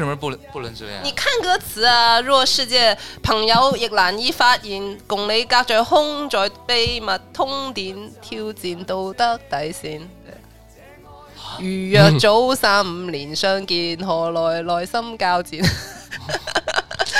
為什麼不能不能這樣啊？你看歌詞啊，若世界朋友亦難以發現，共你隔着空在秘密通電，挑戰道德底線。如若早三五年相見，何來內心交戰？嗯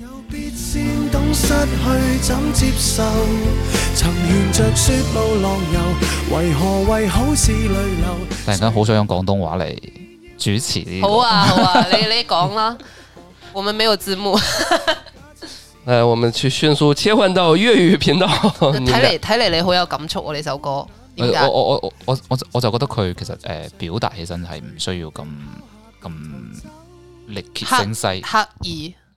有必先懂失去怎接受？曾沿着雪路浪遊，為何為好事淚流？突然間好想用廣東話嚟主持呢個。好啊好啊，你你講啦。 我們沒有字幕。誒、 呃，我們去迅速切換到粵語頻道。睇嚟睇嚟，你好有感觸哦！呢首歌，我我我我我就覺得佢其實誒表達起身係唔需要咁咁力竭聲嘶刻意。嗯